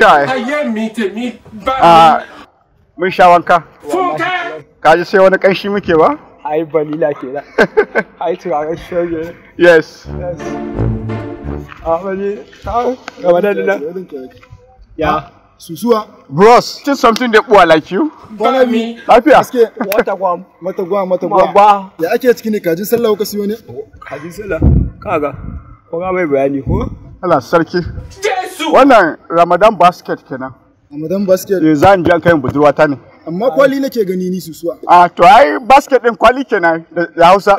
kai ah, mun sha wanka ka ji sai wani kanshi muke ba ai balila ke da ai turaren shoge yes Ahmadi, gaba da nan. Ya. Susuwa. Bros, just something that boy like you. Bona mi. Lafiya. Aske, wata gwam. Mata gwam, mata gwam. Ba. Ya ake cikin ne kajin sallah ko siyo ne? Oh, kajin sallah. Kaga. Ko ga mai bayani ko? Allah sarki. Wannan Ramadan basket kenan. Ramadan basket. Eh zan jan kai budurwa ta ne. Amma kwali nake gani ni susuwa. Ah to ai basket din kwali kenan da Hausa.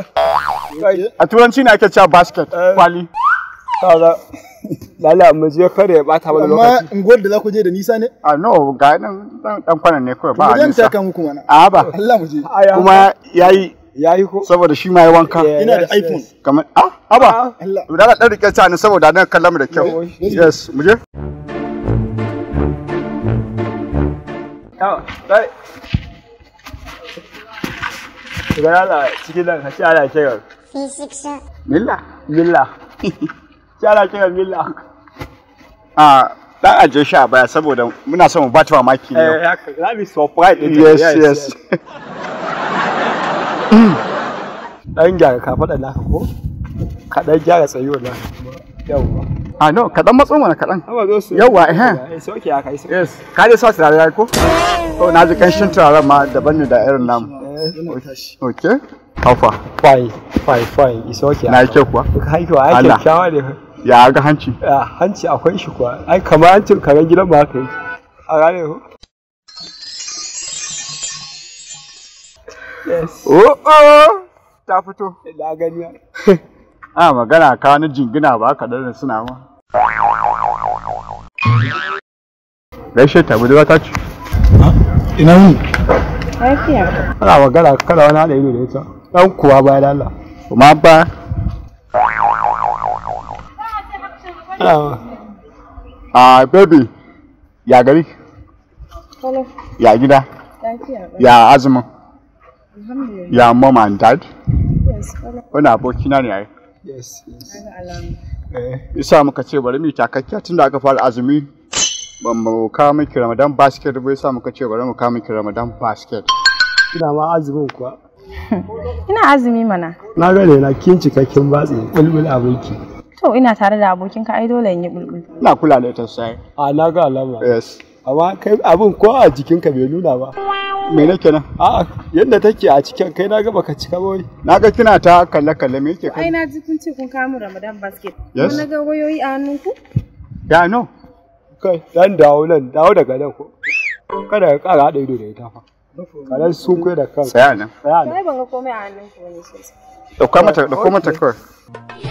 A turanci ne ake cewa basket eh. kwali. Kaza. Lala amma je kare ya bata wani lokaci. Amma unguwar da za ku je da nisa ne? Ah no ga nan dan kwanan ne kawai ba a nisa. Ku je ta kan muku mana. A ba. Allah mu je. Kuma yayi yayi ko saboda shi ma yi wanka ina da iphone kamar a ah, aba ah, da dan rike ta ne saboda nan kallon mu da kyau yes mu je dai Gara cikin nan ka ci ala kiran. Milla. Milla. Ci ala kiran milla. A ah, dan aje shi a baya saboda muna son mu bata mamaki ne. Eh, haka, za mu surprise. Yes, yes. yes. dan gyara kafaɗa naka ko ka dan gyara tsayuwa naka kuma yawwa a ah, no ka dan matso mana kaɗan yawwa eh Soke ya kai. it's yes ka je sa turare ko to na ji kanshin turaren ma daban ne da irin namu eh, okay kafa fine fine fine it's okay na yake kuwa ka haike wa ake kyawa ne ya ga hanci hanci akwai shi kuwa ai kamar hancin karen gidan ba ka yi a gane ko Yes. Oh, oh. ta fito da gani a ah, magana ka wani jingina ba ka da suna ma gaishe ta budurwa ta ci. Ah, ina wuni lafiya ana magana kada wani hada ido da ita dan kuwa ba ya lalla. kuma ba a ah, baby ya gari ya gida ya azumin Your mom and dad? Yes. Wani abokina ne ai? Yes. Eh. Isa muka ce bari mu takakkiya tunda aka fara azumi ban mu kawo miki Ramadan basket bai sa muka ce bari mu kawo miki Ramadan basket. Ina ma azumin kuwa. Ina azumi mana. Na gane na kin cika batsi bulbul aboki. To ina tare da abokin ka, ai dole in yi bulbul. Ina kula da ita sai. A ah, na ga alama. Yes. amma kai abin ko a jikinka bai nuna ba me nake nan a yadda take a cikin kai na ga baka cika wai na ga kina ta kalle kalle me yake kai na ji kun ce kun kawo Ramadan basket yes na ga wayoyi a hannunku ya no kai dan dawo nan dawo daga nan ko kada ka kara hada ido da ita fa kalan sun kai da kan tsaya nan tsaya nan kai ban ga komai a hannunku ne sai dauka mata dauka mata kai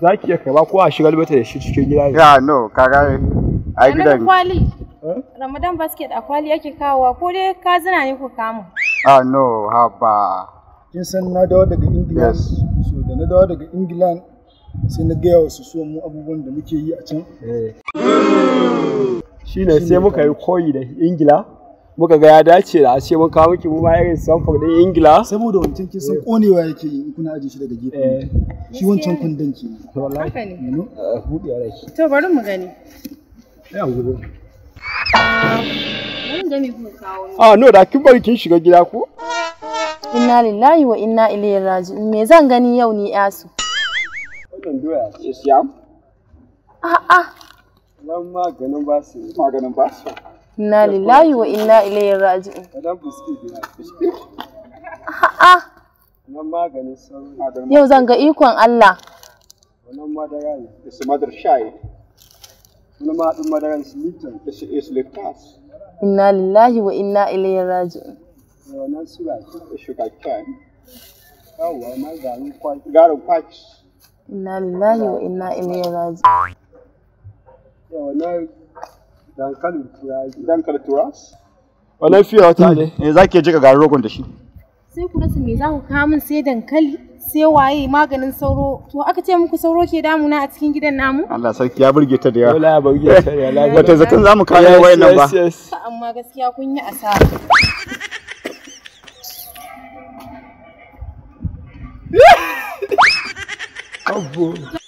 za ki iya karba ko a shigar mata da shi cikin gida ya no kaga ai gidan kwali eh? ramadan basket a kwali yake kawowa ko dai ka zina ne ku kamu a ah, no haba kin san na dawo daga ingila so da na dawo daga ingila sai na gaya wasu so mu abubuwan da muke yi a can eh. shine sai muka yi koyi da ingila muka ga ya dace da ashe mun kawo miki mu ma irin samfur din ingila saboda wancan kin san eh. konewa yake yi kuna aje shi daga gefe eh. shi wancan kundan ke wallahi haka ne eh, to bari mu gani ya gudu Ah, no, da kin bari kin shiga gida ko? Inna lillahi wa inna ilaihi raji'un. Me zan gani yau ni yasu? Wannan doya ce siyam? A'a. lamma maganin ba su, maganin ba su. inna lillahi wa inna ilaihi raji'un a'a yau zan ga ikon Allah wannan madara ne su madar shayi wani maɗin madaran su litan da shi is litas inna lillahi wa inna ilaihi raji'un wannan sura ta shuka kyan yawwa ma garin kwaki garin kwaki inna lillahi wa inna ilaihi raji'un wannan dankalin turawa dankalin turawa wa lafiya wata ne hmm, eh zaki jika garin rogon da shi sai ku rasa me za ku kawo min sai dankali sai waye maganin sauro to aka ce muku sauro ke damuna a cikin gidan namu Allah sarki ya burge ta da yawa wallahi burge ta da yawa wata zakan zamu kawo wayannan ba amma gaskiya kun yi asara Abbo.